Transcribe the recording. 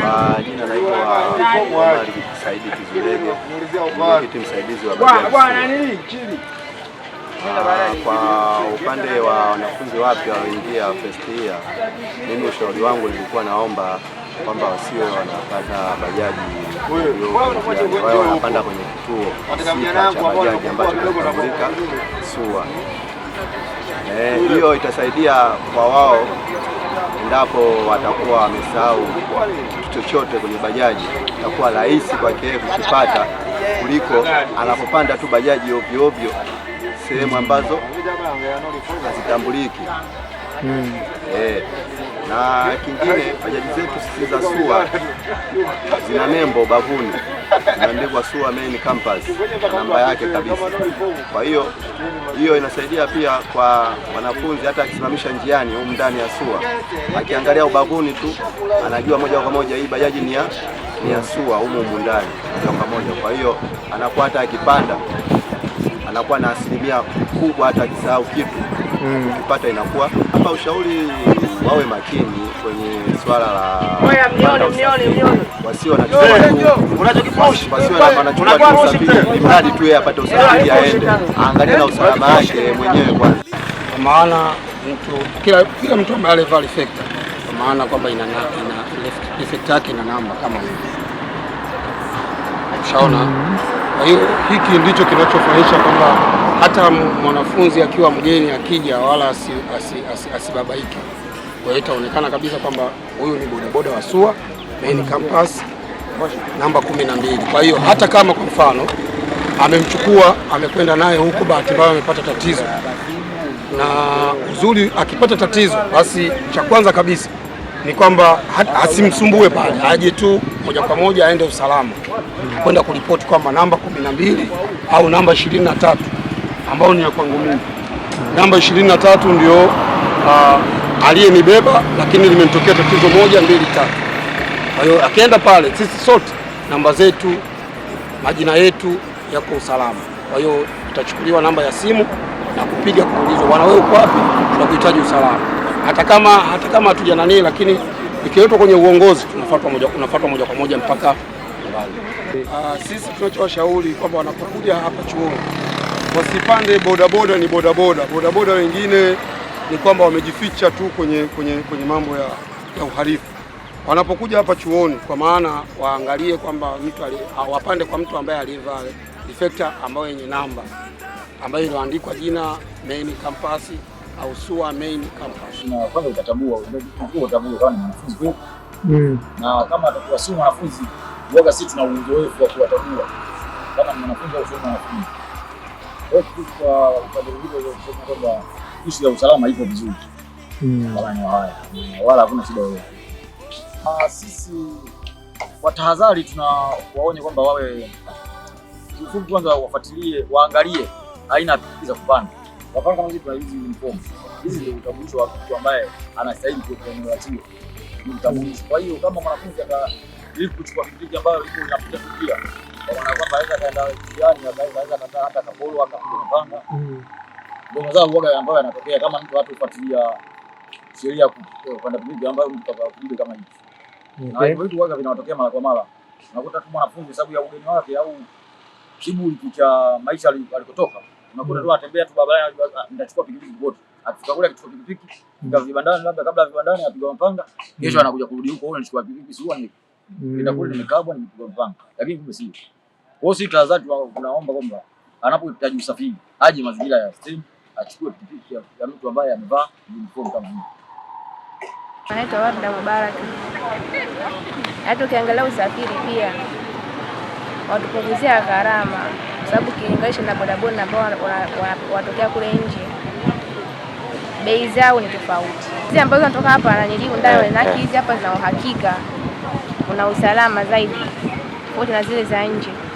Kwa jina naitwa Omari Saidi Kizurege, mwenyekiti msaidizi wa ah, Kwa upande wa wanafunzi wapya wanaoingia first year, mimi ushauri wangu nilikuwa naomba kwamba wasiwe wanapata bajaji ambayo wanapanda kwenye kituo sita cha bajaji ambacho kinatambulika SUA. Eh, hiyo itasaidia kwa wao endapo watakuwa wamesahau kitu chochote kwenye bajaji, itakuwa rahisi kwake kukipata kuliko anapopanda tu bajaji ovyo ovyo sehemu ambazo hazitambuliki. Mm. Eh na kingine, bajaji zetu sisi za SUA zina nembo bavuni, zimeandikwa SUA main campus na namba yake kabisa. Kwa hiyo hiyo inasaidia pia kwa wanafunzi, hata akisimamisha njiani huko ndani ya SUA, akiangalia ubavuni tu anajua moja kwa moja hii bajaji ni ya ni ya SUA humu humu ndani moja kwa moja. Kwa hiyo anakuwa hata akipanda anakuwa na asilimia kubwa, hata akisahau kitu ukipata mm. inakuwa hapa. Ushauri wawe makini kwenye swala la wasio mradi tu yeye apate usafiri aende, aangalie na usalama wake mwenyewe kwanza, kwa maana mtu kila kila mtu ambaye alivaa reflector, kwa maana kwamba ina effect yake ina namba kama hivi, ushaona. Mm-hmm. Kwa hiyo hiki ndicho kinachofanyisha kwamba hata mwanafunzi akiwa mgeni akija wala asibabaike kwa hiyo itaonekana kabisa kwamba huyu ni bodaboda wa SUA main campus namba kumi na mbili. Kwa hiyo hata kama kwa mfano amemchukua amekwenda naye huko, bahati mbaya amepata tatizo, na uzuri akipata tatizo, basi cha kwanza kabisa ni kwamba asimsumbue pale, aje tu moja kwa moja aende usalama kwenda kuripoti kwamba namba kumi na mbili au namba ishirini na tatu ambayo ni ya kwangu mimi. Namba ishirini na tatu ndio uh, aliyenibeba, lakini limetokea tatizo moja mbili tatu. Kwa hiyo akienda pale, sisi sote namba zetu majina yetu yako usalama. Kwa hiyo itachukuliwa namba ya simu na kupiga kuulizwa, bwana wewe uko wapi? Tunakuhitaji usalama, hata kama hata kama hatuja nani, lakini ikiletwa kwenye uongozi tunafuatwa moja, unafuatwa moja kwa moja mpaka mbali. Uh, sisi tunachowashauri kwamba wanapokuja hapa chuoni wasipande bodaboda. Ni bodaboda bodaboda wengine ni kwamba wamejificha tu kwenye, kwenye, kwenye mambo ya, ya uhalifu. Wanapokuja hapa chuoni, kwa maana waangalie kwamba mtu wapande kwa mtu ambaye aliyevaa reflector ambayo yenye namba ambayo iliandikwa jina main campus au SUA main campus, na kwanza utatambua utatambua kama ni mwanafunzi mm. na kama atakuwa si mwanafunzi, sisi tuna uzoefu wa kuwatambua kama ni mwanafunzi au si mwanafunzi kwa upande kwamba ishu ya usalama ipo vizuri hmm. haya, wala hakuna shida yoyote. Ah, sisi watahadhari tunawaone kwamba wawe kiufupi, kwanza wafuatilie, waangalie aina za kupanda. Kwa kama hizi hizi uniform, hizi ndio utambulisho wa mtu ambaye anastahili kuwa ni utambulisho. Kwa hiyo kama mwanafunzi atalipa kuchukua pikipiki ambayo ipo inapitia akaenda jiani akaweza kata hata kabolo akampanga mm. ndio mazao waga ambayo yanatokea kama mtu watu kufuatilia sheria kupanda eh, pikipiki ambayo mtu akakuja kama hivi na hivyo vitu waga vinatokea mara kwa mara unakuta tu mwanafunzi sababu ya ugeni wake au kiburi cha maisha alikotoka unakuta mm. tu anatembea tu barabarani ndachukua pikipiki wote akifika kule akichukua pikipiki ndio mm. vibandani labda kabla vibandani apiga mpanga kesho anakuja kurudi huko anachukua pikipiki sio ni ndio kule nimekabwa nimepigwa mpanga lakini kumbe sio kwa hiyo sisi tunaomba kwamba anapohitaji usafiri aje mazingira ya stendi achukue pikipiki ya mtu ambaye amevaa uniform kama hiyo. Anaitwa Warda Mubarak. Hata yaani ukiangalia usafiri pia watupunguzia gharama, sababu kilinganisha na bodaboda ambao wanatokea kule nje, bei zao ni tofauti. Hizi ambazo zinatoka hapa na naniliundaonaki eh, eh. hizi hapa zina uhakika, kuna usalama zaidi tofauti na zile za nje.